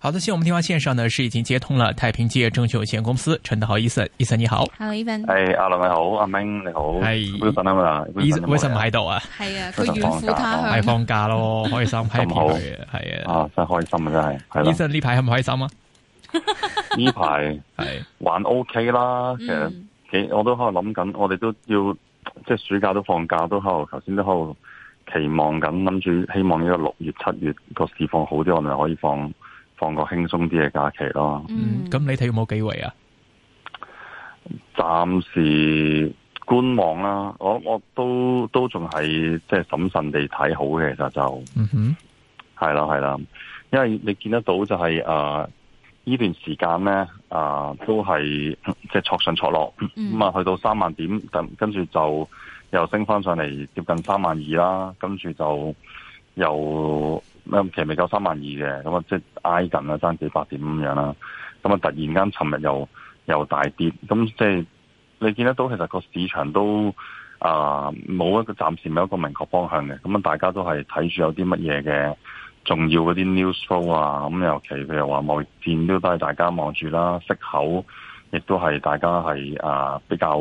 好多現我們電話線上呢是已經接通了太平置業證券有限公司陳德豪醫生，醫生你好，Hello，醫生，係阿龍你好，阿明你好，係，Wilson 啊，Wilson 喺度啊，係啊，佢遠赴他鄉，係、嗯、放假咯，嗯、開心，咁好，係啊，啊真開心啊真係，Wilson 呢排開唔開心啊？呢排係還 OK 啦，其實幾我都喺度諗緊，我哋都要即係暑假都放假都喺度，頭先都喺度期望緊諗住，希望呢個六月七月個市況好啲，我咪可以放。放個輕鬆啲嘅假期咯。嗯，咁你睇有冇機會啊？暫時觀望啦。我我都都仲係即係審慎地睇好嘅，其實就，嗯、mm、哼 -hmm.，係啦係啦。因為你見得到就係、是、誒，呢、呃、段時間咧誒都係即係挫上挫落咁啊，mm -hmm. 去到三萬點，跟住就又升返上嚟接近三萬二啦，跟住就。又其實未夠三萬二嘅，咁啊，即係挨近啦，爭幾百點咁樣啦。咁啊，突然間又，尋日又又大跌，咁即係你見得到，其實個市場都啊冇一個暫時冇一個明確方向嘅。咁啊，大家都係睇住有啲乜嘢嘅重要嗰啲 news flow 啊。咁尤其譬如話貿易戰都都係大家望住啦，息口亦都係大家係啊比較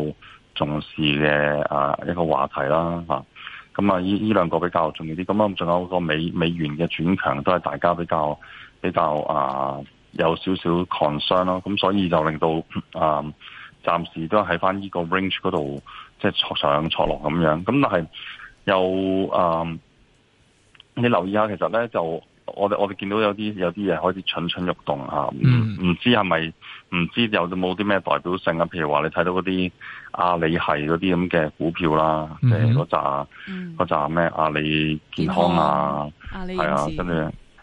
重視嘅啊一個話題啦，嚇。咁啊，呢呢兩個比較重要啲。咁啊，仲有個美美元嘅轉強，都係大家比較比較、呃、點點 concern，啊，有少少 concern 咯。咁所以就令到啊，暫、呃、時都喺翻呢個 range 嗰度，即係坐上坐落咁樣。咁但係又啊、呃，你留意下其實咧就。我哋我哋見到有啲有啲嘢開始蠢蠢欲動嚇，唔、嗯、唔知係咪唔知有冇啲咩代表性啊？譬如話你睇到嗰啲阿里系嗰啲咁嘅股票啦，即係嗰扎嗰扎咩阿里健康，健康啊，係啊，跟住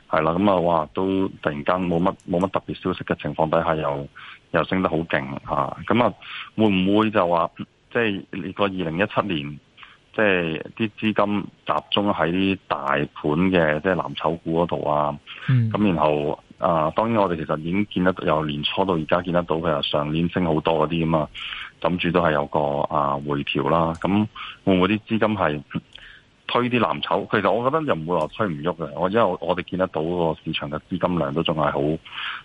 係啦，咁啊，啊，哇，都突然間冇乜冇乜特別消息嘅情況底下又，又又升得好勁嚇，咁啊，會唔會就話即係你個二零一七年？即係啲資金集中喺啲大盤嘅即係藍籌股嗰度啊，咁、嗯、然後啊、呃，當然我哋其實已經見得到由年初到而家見得到佢係上年升好多嗰啲吖嘛，諗住都係有個啊回調啦。咁、嗯、會唔會啲資金係推啲藍籌？其實我覺得又唔會話推唔喐嘅。我因為我哋見得到個市場嘅資金量都仲係好，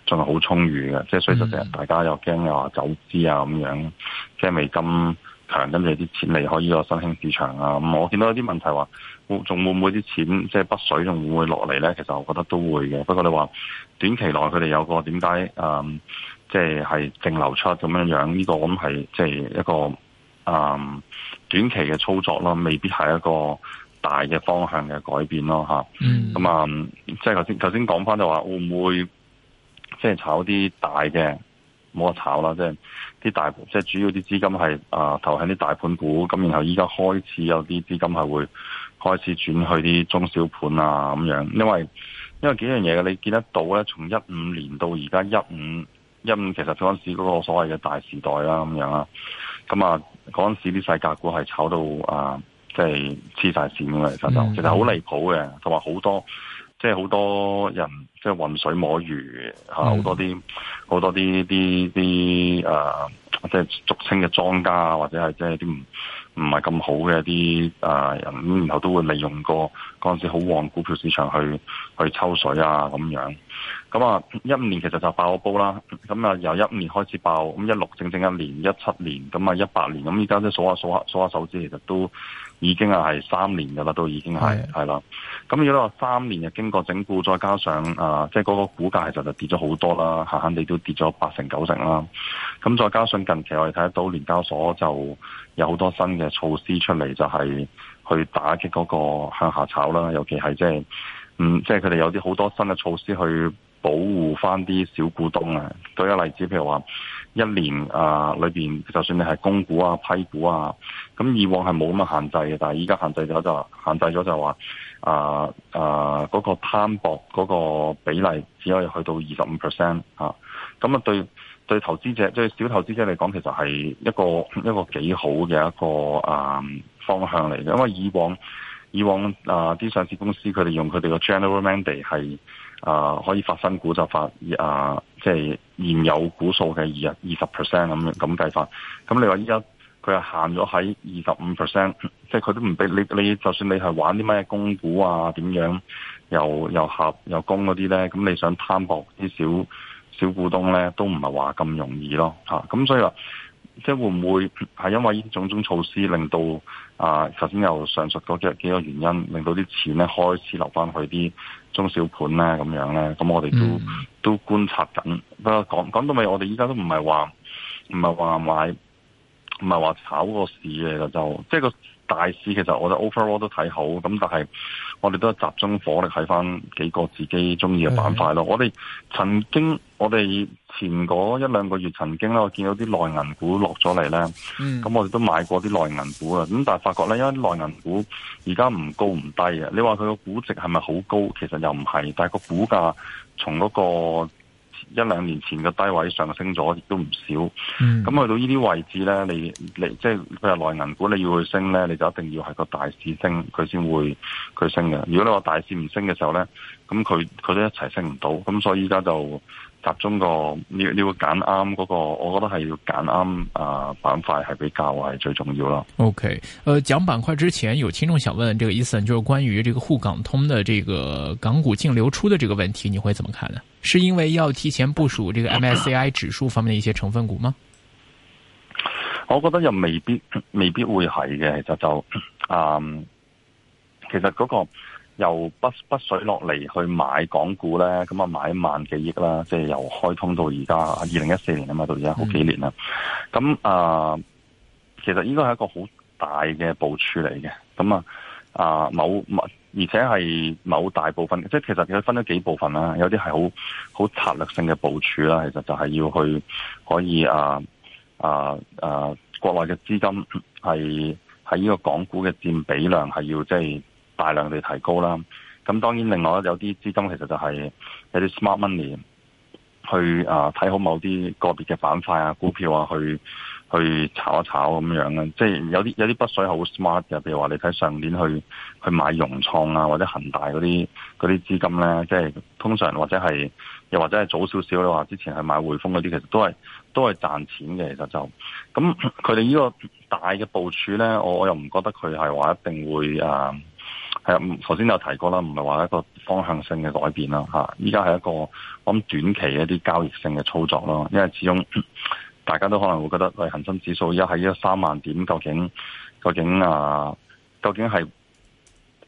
仲係好充裕嘅。即係所以就成日大家又驚又話走資啊咁樣，驚美金。強，跟住啲錢離開呢個新興市場啊！咁我見到有啲問題話，會仲會唔會啲錢即係北水，仲會唔會落嚟咧？其實我覺得都會嘅。不過你話短期內佢哋有個點解誒，即係係淨流出咁樣樣呢、這個咁係即係一個誒、嗯、短期嘅操作咯，未必係一個大嘅方向嘅改變咯吓，咁、嗯、啊、嗯，即係頭先頭先講翻就話會唔會即係炒啲大嘅？冇得炒啦，即係啲大，即係主要啲資金係啊投喺啲大盤股，咁然後依家開始有啲資金係會開始轉去啲中小盤啊咁樣，因為因為幾樣嘢嘅，你見得到咧，從一五年到而家一五一五，其實嗰陣時嗰個所謂嘅大時代啦咁樣啦，咁啊嗰陣時啲細價股係炒到啊，即係黐晒線嘅，其實就其實好離譜嘅，同埋好多。即係好多人即係混水摸魚嚇，好多啲好多啲啲啲誒，即係俗稱嘅莊家啊，或者係即係啲唔唔係咁好嘅啲人，然後都會利用過嗰陣時好旺股票市場去去抽水啊咁樣。咁啊，一五年其實就爆咗煲啦，咁啊由一五年開始爆，咁一六整整一年，一七年，咁啊一八年，咁依家即數下數下數下數下手指，其實都已經係三年㗎啦，都已經係係啦。咁如果話三年又經過整固，再加上啊，即係嗰個股價其實就跌咗好多啦，慳慳地都跌咗八成九成啦。咁再加上近期我哋睇得到聯交所就有好多新嘅措施出嚟，就係去打擊嗰個向下炒啦，尤其係即係嗯，即係佢哋有啲好多新嘅措施去。保護翻啲小股東啊！舉個例子，譬如話一年啊裏邊，就算你係供股啊批股啊，咁以往係冇咁嘅限制嘅，但係依家限制咗就限制咗就話啊啊嗰個攤薄嗰個比例只可以去到二十五 percent 嚇。咁啊對對投資者即係小投資者嚟講，其實係一個一個幾好嘅一個啊方向嚟嘅，因為以往。以往啊啲、呃、上市公司佢哋用佢哋嘅 general mandate 係啊、呃、可以發新股發、呃、就發啊即係現有股數嘅二廿二十 percent 咁樣咁計法，咁你話依家佢係限咗喺二十五 percent，即係佢都唔俾你，你就算你係玩啲咩公股啊點樣又又合又供嗰啲咧，咁你想攤薄啲小小股東咧都唔係話咁容易咯。咁、啊、所以話。即係會唔會係因為呢種種措施，令到啊首先由上述嗰幾、幾個原因，令到啲錢咧開始留翻去啲中小盤咧咁樣咧，咁我哋都、嗯、都觀察緊。不過講講到尾，我哋依家都唔係話唔係話買唔係話炒個市嚟嘅就，即係個。大市其實我哋 overall 都睇好，咁但係我哋都集中火力睇翻幾個自己中意嘅板塊咯。我哋曾經我哋前嗰一兩個月曾經咧，我見到啲內銀股落咗嚟咧，咁我哋都買過啲內銀股啊。咁但係發覺咧，因為內銀股而家唔高唔低啊。你話佢個估值係咪好高？其實又唔係，但係個股價從嗰個。一兩年前嘅低位上升咗，亦都唔少。咁、嗯、去到呢啲位置呢，你你即係佢係內銀股，你要去升呢，你就一定要係個大市升，佢先會佢升嘅。如果你話大市唔升嘅時候呢，咁佢佢都一齊升唔到。咁所以而家就。集中個呢呢個揀啱嗰個，我覺得係要揀啱啊，板塊係比較係最重要囉。OK，誒、呃，講板塊之前，有聽眾想問，這個 Eason 就是關於這個滬港通的這個港股淨流出的這個問題，你會怎麼看呢？是因為要提前部署這個 MSCI 指數方面的一些成分股嗎？我覺得又未必，未必會係嘅，就就啊，其實嗰、嗯嗰個。由不不水落嚟去買港股咧，咁啊買一萬幾億啦，即係由開通到而家二零一四年啊嘛，到而家好幾年啦。咁啊，其實應該係一個好大嘅部署嚟嘅。咁啊啊，某而且係某大部分，即係其實佢分咗幾部分啦。有啲係好好策略性嘅部署啦。其實就係要去可以啊啊啊，國內嘅資金係喺呢個港股嘅佔比量係要即係。就是大量地提高啦，咁當然另外有啲資金其實就係有啲 smart money 去啊睇好某啲個別嘅板塊啊股票啊，去去炒一炒咁樣啊。即係有啲有啲北水好 smart 嘅，譬如話你睇上年去去買融創啊或者恒大嗰啲嗰啲資金咧，即係通常或者係又或者係早少少你話之前係買匯豐嗰啲，其實都係都係賺錢嘅。其實就咁佢哋呢個大嘅部署咧，我我又唔覺得佢係話一定會啊。係啊，頭先有提過啦，唔係話一個方向性嘅改變啦，吓，依家係一個咁短期一啲交易性嘅操作咯，因為始終大家都可能會覺得，喂，恒生指數而家喺呢個三萬點，究竟究竟啊，究竟係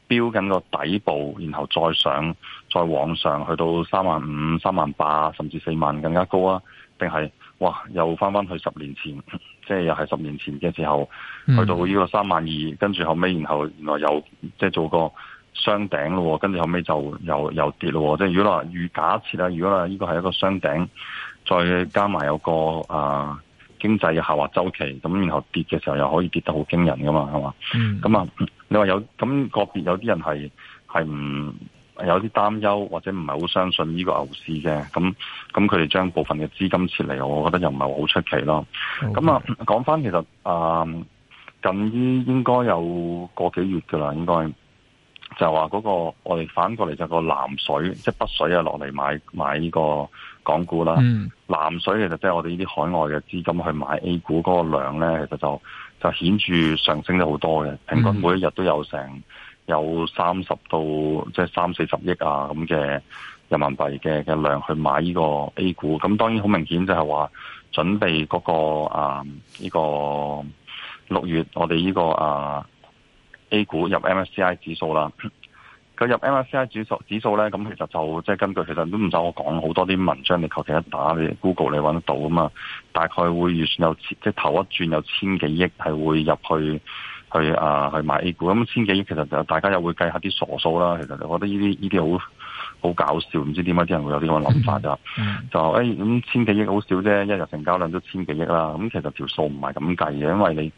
標緊個底部，然後再上，再往上去到三萬五、三萬八，甚至四萬更加高啊？定係哇，又翻翻去十年前，即係又係十年前嘅時候，去到呢個三萬二，跟住後尾，然後原來又即係做個雙頂咯，跟住後尾就又又跌咯。即係如果話預假設啦，如果話呢個係一個雙頂，再加埋有個啊經濟嘅下滑周期，咁然後跌嘅時候又可以跌得好驚人噶嘛，係嘛？咁、嗯、啊，你話有咁、那個別有啲人係係唔？有啲擔憂或者唔係好相信呢個牛市嘅，咁咁佢哋將部分嘅資金撤離，我覺得又唔係好出奇咯。咁、okay. 啊，講翻其實啊，近於應該有個幾月㗎啦，應該就話嗰、那個我哋反過嚟就個南水即係、就是、北水啊落嚟買買呢個港股啦。Mm. 南水其實即係我哋呢啲海外嘅資金去買 A 股嗰個量咧，其實就就顯著上升咗好多嘅，平、mm. 均每一日都有成。有三十到即係三四十億啊咁嘅人民幣嘅嘅量去買呢個 A 股，咁當然好明顯就係話準備嗰、嗰個啊呢、呢個六月我哋呢、呢個啊 A 股入 MSCI 指數啦，佢入 MSCI 指數指數咧，咁其實就即係、就係、根據，其實都唔使我講，好多啲文章你求其一打，你 Google 你揾得到啊嘛，大概會預算有即係頭一轉有千幾億係會入去。去啊去買 A 股，咁、嗯、千幾億其實就大家又會計下啲傻數啦。其實我覺得呢啲呢啲好好搞笑，唔知點解啲人會有啲咁嘅諗法啫。 就誒，咁、哎嗯、千幾億好少啫，一日成交量都千幾億啦。咁、嗯、其實條數唔係咁計嘅，因為你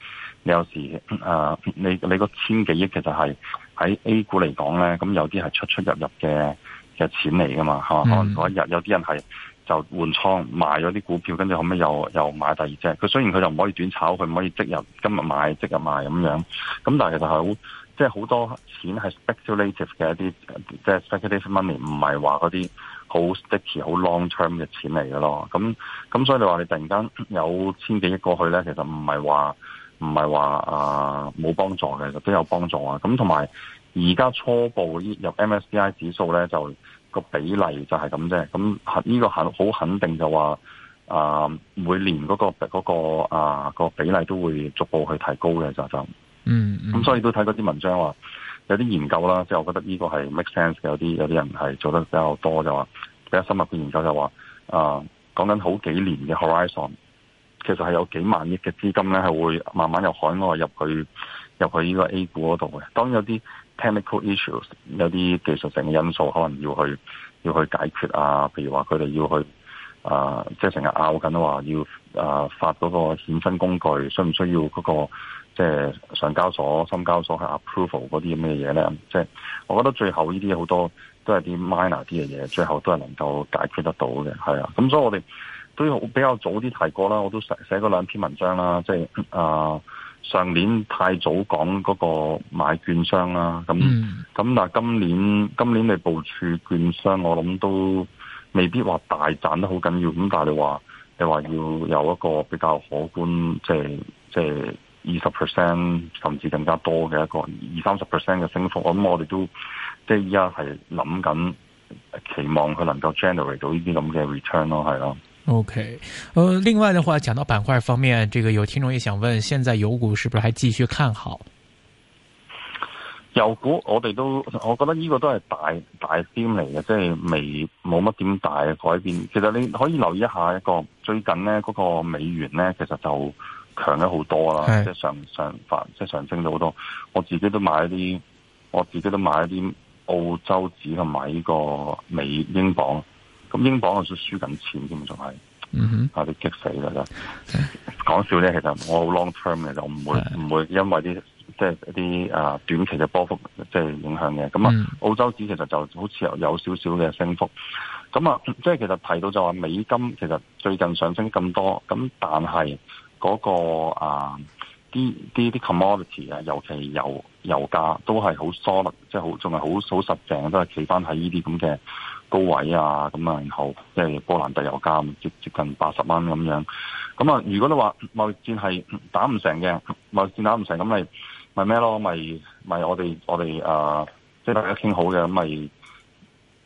你有時啊、呃，你你個千幾億其實係喺 A 股嚟講咧，咁有啲係出出入入嘅嘅錢嚟噶嘛，可能嗰一日有啲人係。就換倉賣咗啲股票，跟住後尾又又買第二隻。佢雖然佢就唔可以短炒，佢唔可以即日今日買即日賣咁樣。咁但係其實係好，即係好多錢係 speculative 嘅一啲，即係 speculative money，唔係話嗰啲好 Sticky、好 long term 嘅錢嚟嘅咯。咁咁所以你話你突然間有千幾億過去咧，其實唔係話唔係話啊冇幫助嘅，其實都有幫助啊。咁同埋而家初步入 MSCI 指數咧就。個比例就係咁啫，咁呢個肯好肯定就話啊，每年嗰個、嗰個、嗰個、啊、嗰個比例都會逐步去提高嘅就就嗯咁，嗯所以都睇過啲文章話有啲研究啦，即、就、係、係、我覺得呢個係 make sense 嘅，有啲有啲人係做得比較多就話比較深入嘅研究就話啊，講緊好幾年嘅 Horizon，其實係有幾萬億嘅資金咧係會慢慢由海外入去入去呢個 A 股嗰度嘅，當然有啲 technical issues 有啲技術性嘅因素，可能要去要去解決啊。譬如話佢哋要去啊，即係成日拗緊話要啊、呃、發嗰個衍生工具，需唔需要嗰、嗰個即係、就是、上交所、深交所去 approval 嗰啲咁嘅嘢咧？即、就、係、是、我覺得最後呢啲好多都係啲 minor 啲嘅嘢，最後都係能夠解決得到嘅。係啊，咁所以我哋都比較早啲提過啦，我都寫寫過兩篇文章啦，即係啊。呃上年太早講嗰個買券商啦，咁咁，嗱今年今年你部署券商，我諗都未必話大賺得好緊要。咁但係你話你話要有一個比較可觀，即係即係二十 percent 甚至更加多嘅一個二三十 percent 嘅升幅，我諗我哋都即係依家係諗緊期望佢能夠 generate 到呢啲咁嘅 return 咯，係咯。OK，呃，另外的話，講到板塊方面，這個有聽眾也想問，現在油股是不是還繼續看好？油股我哋都，我覺得呢個都係大大偏嚟嘅，即係未冇乜點大嘅改變。其實你可以留意一下一個最近呢嗰、那個美元呢，其實就強咗好多啦，即係上上翻，即係上升咗好多。我自己都買一啲，我自己都買一啲澳洲紙同埋呢個美英鎊。咁英鎊啊，輸輸緊錢添，仲係啊，你激死啦！講笑咧，其實我好 long term 嘅，我唔會唔、mm -hmm. 會因為啲即係一啲短期嘅波幅即係影響嘅。咁啊，澳洲指其實就好似有少少嘅升幅。咁啊，即係其實提到就話美金其實最近上升咁多，咁但係嗰、那個啊啲啲啲 commodity 啊，commodity, 尤其油油價都係好 solid 即係好仲係好好實淨，都係企翻喺呢啲咁嘅。高位啊，咁啊，然後即係波蘭特油價接接近八十蚊咁樣。咁啊，如果你話貿易戰係打唔成嘅，貿易戰打唔成咁咪咪咩咯？咪咪我哋我哋啊，就是、即係大家傾好嘅咁咪，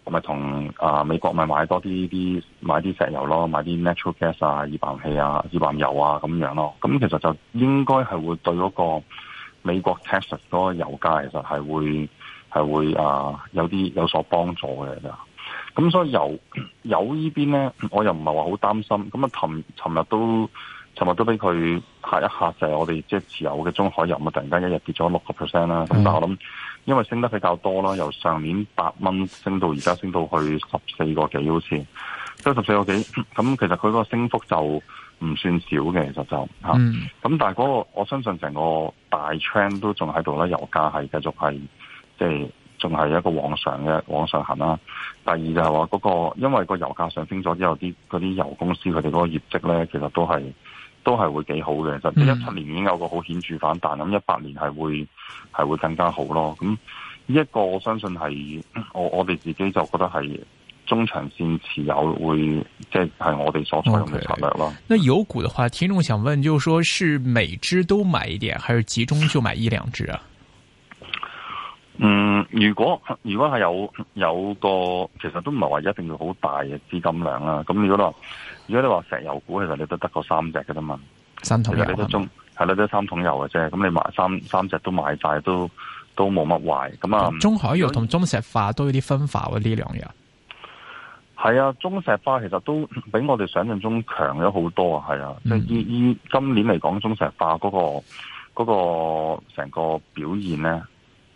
我咪同啊美國咪買多啲啲買啲石油咯，買啲 natural gas 啊、液氮氣啊、液氮油啊咁樣咯。咁其實就應該係會對嗰個美國 Texas 嗰個油價其實係會係會啊有啲有所幫助嘅咁、嗯、所以油油呢邊咧，我又唔係話好擔心。咁啊，尋日都尋日都俾佢嚇一嚇，就係、是、我哋即係持有嘅中海油啊，突然間一日跌咗六個 percent 啦。但係我諗，因為升得比較多啦，由上年八蚊升到而家升到去十四個幾好似，即係十四個幾。咁其實佢個升幅就唔算少嘅，其實就咁、嗯嗯、但係、那、嗰個我相信成個大 trend 都仲喺度啦，油價係繼續係即係。就是仲係一個往上嘅往上行啦、啊。第二就係話嗰個，因為個油價上升咗之後，啲嗰啲油公司佢哋嗰個業績咧，其實都係都係會幾好嘅。就係一七年已經有個好顯著反彈，咁一八年係會係會更加好咯。咁呢一個，我相信係我我哋自己就覺得係中長線持有會，即係係我哋所採用嘅策略咯。Okay. 那油股的話，聽眾想問，就是說，是每支都買一點，還是集中就買一兩支？啊？嗯，如果如果係有有個，其實都唔係話一定要好大嘅資金量啦。咁如果話，如果你話石油股，其實你都得個三隻嘅啫嘛。三桶油，係啦，即係三桶油嘅啫。咁你買三三隻都買晒，都都冇乜壞。咁啊，中海油同中石化都有啲分化呢兩日。係啊，中石化其實都比我哋想象中強咗好多啊。係啊，即係依依今年嚟講，中石化嗰個、嗰個、嗰個成、嗰個、個表現咧。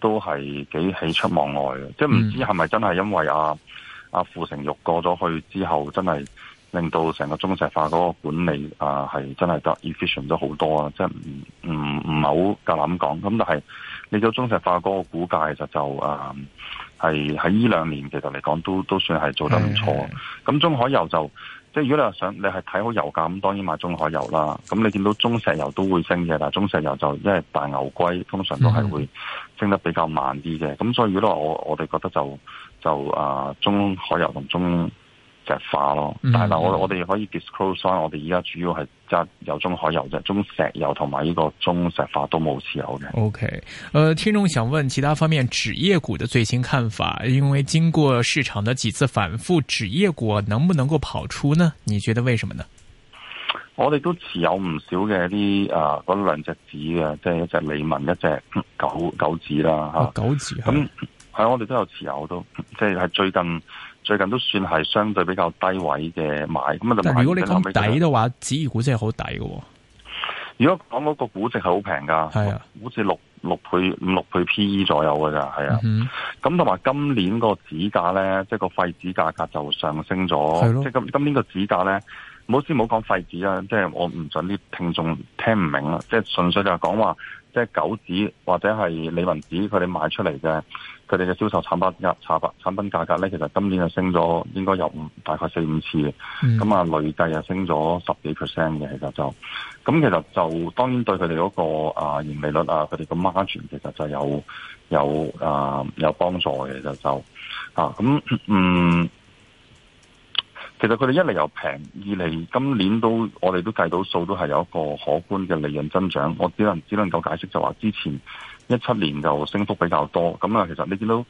都係幾喜出望外嘅，即係唔知係咪真係因為阿阿傅成玉過咗去之後，真係令到成個中石化嗰個管理啊係真係得 efficient 咗好多啊！即係唔唔唔係好夠膽講，咁但係你咗中石化嗰個股價其實就誒係喺呢兩年其實嚟講都都算係做得唔錯，咁、嗯、中海油就。即係如果你話想你係睇好油價咁，當然買中海油啦。咁你見到中石油都會升嘅，但係中石油就因為大牛龜，通常都係會升得比較慢啲嘅。咁所以如果話我我哋覺得就就啊中海油同中石化咯，但係嗱、嗯，我我哋可以 disclose 翻，我哋而家主要係揸油、中海油嘅中石油同埋呢個中石化都冇持有嘅。O K，誒，聽眾想問其他方面紙業股嘅最新看法，因為經過市場嘅幾次反覆，紙業股能不能夠跑出呢？你覺得為什麼呢？我哋都持有唔少嘅啲啊，嗰兩隻紙嘅，即、就、係、是、一隻利文，一隻九九紙啦吓，九、啊、紙，咁係、啊嗯嗯嗯，我哋都有持有都，即係係最近。最近都算係相對比較低位嘅買，咁啊但係如果你講底嘅話，紙業股真係好抵嘅。如果講嗰個估值係好平噶，係啊，好似六六倍、五六倍 PE 左右噶咋，係啊。咁同埋今年紙價呢、就是、個紙價咧，即係個廢紙價格就上升咗，即係今今年個紙價咧，唔好先唔好講廢紙啊，即、就、係、是、我唔准啲聽眾聽唔明啦，即係純粹就係講話，即係九紙或者係理文紙佢哋賣出嚟嘅。佢哋嘅銷售產品價產品產品價格咧，其實今年就升咗，應該有五大概四五次嘅咁啊、嗯、累計就升咗十幾 percent 嘅，其實就咁，其實就當然對佢哋嗰個啊盈利率啊，佢哋個 margin 其實就有有啊有幫助嘅，其實就就啊咁嗯，其實佢哋一嚟又平，二嚟今年都我哋都計到數，都係有一個可觀嘅利潤增長。我只能只能夠解釋就話之前。一七年就升幅比較多，咁啊，其實你見到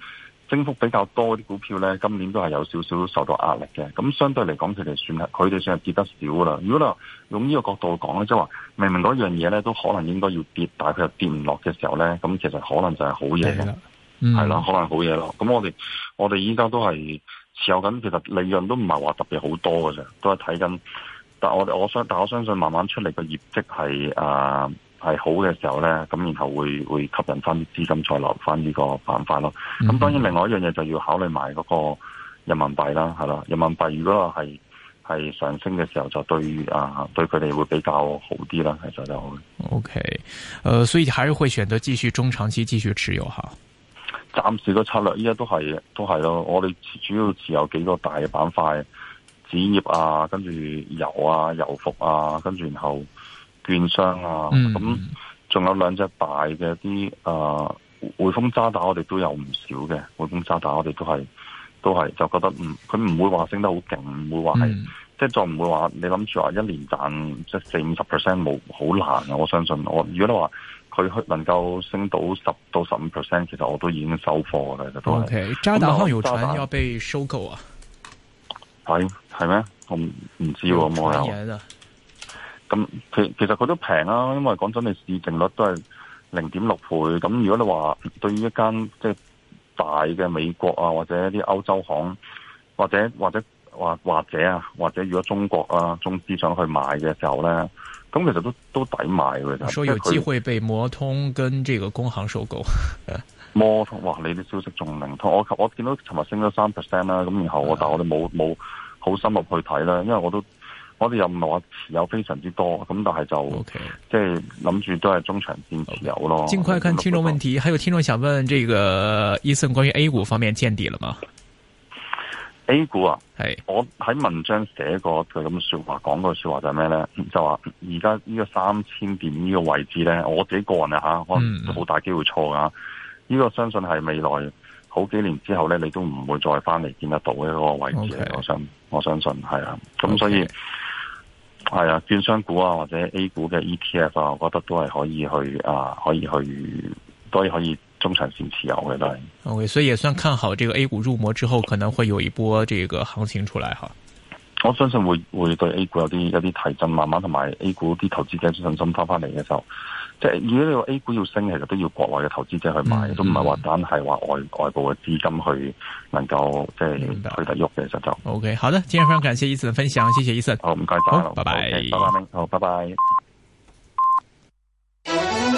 升幅比較多啲股票咧，今年都係有少少受到壓力嘅。咁相對嚟講，佢哋算係佢哋算係跌得少噶啦。如果啦，用呢個角度講咧，即係話明明嗰樣嘢咧都可能應該要跌，但係佢又跌唔落嘅時候咧，咁其實可能就係好嘢啦，係啦、嗯，可能好嘢咯。咁我哋我哋依家都係持有緊，其實利潤都唔係話特別好多㗎啫，都係睇緊。但係我我相但我相信慢慢出嚟個業績係啊。呃係好嘅時候咧，咁然後會會吸引翻啲資金再留翻呢個板塊咯。咁、嗯、當然另外一樣嘢就要考慮埋嗰個人民幣啦，係啦，人民幣如果係係上升嘅時候，就對啊對佢哋會比較好啲啦，其實就就好。O K，誒，所以還是會選擇繼續，繼續中長期繼續持有吓。暫時嘅策略依家都係都係咯，我哋主要持有幾個大板塊，紙業啊，跟住油啊，油服啊，跟住然後。券商啊，咁、嗯、仲有兩隻大嘅啲啊，匯豐渣打我哋都有唔少嘅，匯豐渣打我哋都係都係就覺得嗯，佢唔會話升得好勁，唔會話係即係再唔會話你諗住話一年賺即係四五十 percent 冇好難啊！我相信我，如果你話佢能夠升到十到十五 percent，其實我都已經收貨嘅啦，其實都係。OK，渣打好像有船要被收購啊？係，係咩？我唔知喎，冇、嗯、有。咁其其實佢都平啊，因為講真，你市淨率都係零點六倍。咁如果你話對於一間即係大嘅美國啊，或者一啲歐洲行，或者或者或或者啊，或者如果中國啊，中資想去買嘅時候咧，咁其實都都抵買嘅。說有機會被摩通跟這個工行收購。摩通，哇！你啲消息仲靈通，我我見到尋日升咗三 percent 啦，咁然後我但我哋冇冇好深入去睇啦，因為我都。我哋有話持有非常之多，咁但係就、Okay. 即係諗住都係中長綫持有咯。盡、Okay. 快看聽眾問題，還有聽眾想問，這個醫生關於 A 股方面見底了嗎？A 股啊，係我喺文章寫過佢咁說話，講過個說話就係咩呢？就話而家呢個三千點呢個位置呢，我自己個人啊吓，可能唔好大機會錯噶、啊。呢、嗯嗯這個相信係未來好幾年之後呢，你都唔會再翻嚟見得到呢個位置。Okay. 我想我相信係啊，咁所以。Okay. 係啊，券商股啊，或者 A 股嘅 ETF 啊，我覺得都係可以去啊，可以去，都係可以中長線持有嘅都係。OK，所以也算看好，這個 A 股入魔之後，可能會有一波這個行情出嚟哈。我相信會會對 A 股有啲有啲提振，慢慢同埋 A 股啲投資者信心翻翻嚟嘅時候。即係如果你話 A 股要升，其實都要國內嘅投資者去買，都唔係話單係話外外部嘅資金去能夠即係去得喐嘅就就。Okay，好的，今日非常感謝 Eason 嘅分享，謝謝 Eason。好，唔該走。拜拜，好，拜拜。Okay, bye -bye,